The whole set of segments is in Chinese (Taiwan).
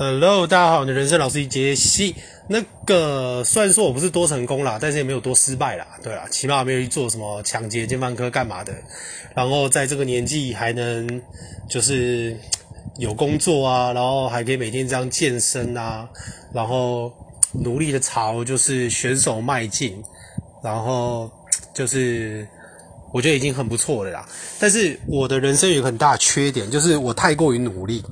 Hello，大家好，我的人生老師傑西。那個雖然說我不是多成功啦，但是也沒有多失敗啦，對啦，起碼沒有去做什麼搶劫、奸犯科幹嘛的。然後在這個年紀還能就是有工作啊，然後還可以每天這樣健身啊，然後努力的朝就是選手邁進，然後就是我覺得已經很不錯了啦。但是我的人生有很大的缺點，就是我太過於努力。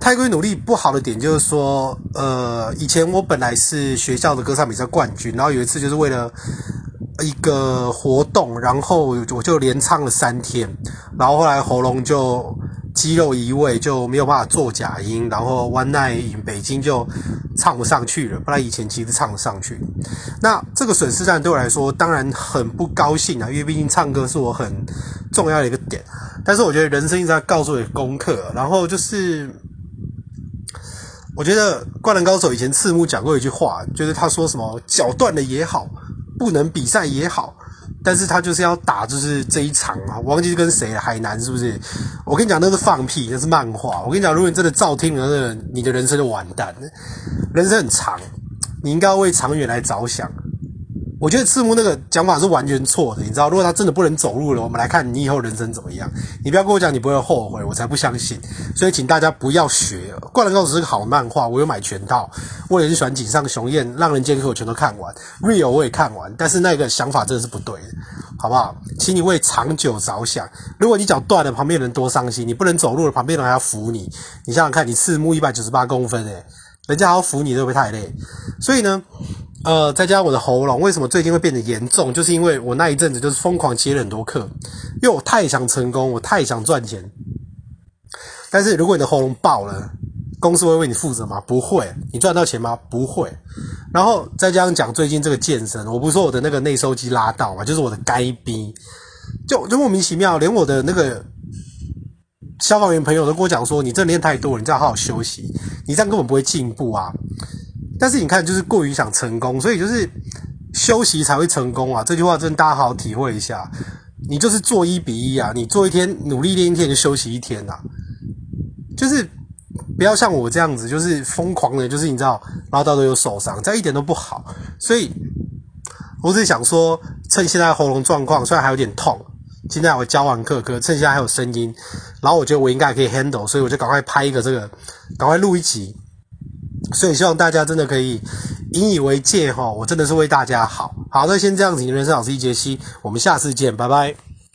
太過於努力不好的點就是說，呃，以前我本來是學校的歌唱比賽冠軍，然後有一次就是為了一個活動，然後我就連唱了三天，然後後來喉嚨就肌肉移位，就沒有辦法做假音，然後 One Night in 北京就唱不上去了，不然以前其實唱得上去。那這個損失戰對我來說當然很不高興啊，因為畢竟唱歌是我很重要的一個點。但是我覺得人生一直在告訴我的功課，然後就是。我覺得灌籃高手以前赤木講過一句話，就是他說什麼，腳斷了也好，不能比賽也好，但是他就是要打，就是這一場啊，忘記是跟誰了，海南是不是？我跟你講，那是放屁，那是漫畫。我跟你講，如果你真的照聽，那你的人生就完蛋了。人生很長，你應該要為長遠來着想。我覺得赤木那個講法是完全錯的，你知道，如果他真的不能走路了，我們來看你以後人生怎麼樣。你不要跟我講你不會後悔，我才不相信。所以請大家不要學，《灌籃高手》是個好漫畫，我有買全套，我也是喜歡井上雄彥，《浪人劍客》我全都看完，《Real》我也看完，但是那個想法真的是不對，好不好？請你為長久着想。如果你腳斷了，旁邊人多傷心。你不能走路了，旁邊人還要扶你。你想想看，你赤木一百九十八公分，哎，人家還要扶你，會不會太累？所以呢？呃，再加上我的喉嚨，為什麼最近會變得嚴重？就是因為我那一陣子就是瘋狂接了很多課，因為我太想成功，我太想賺錢。但是如果你的喉嚨爆了，公司會為你負責嗎？不會。你賺到錢嗎？不會。然後再加上講最近這個健身，我不是說我的那個內收肌拉到嘛，就是我的該逼。就就莫名其妙，連我的那個消防員朋友都跟我講說，你這練太多了，你這樣好好休息，你這樣根本不會進步啊。但是你看，就是過於想成功，所以就是休息才會成功啊！這句話真的大家好好體會一下。你就是做一比一啊，你做一天努力練一天，就休息一天啊。就是不要像我這樣子，就是瘋狂的，就是你知道，然後到時候又受傷，這樣一點都不好。所以我只想說，趁現在喉嚨狀況雖然還有點痛，現在我教完課，可趁現在還有聲音，然後我覺得我應該可以 handle，所以我就趕快拍一個這個，趕快錄一集。所以希望大家真的可以引以為戒吼，我真的是為大家好好，那先這樣子，人生老司機傑西，我們下次見，拜拜。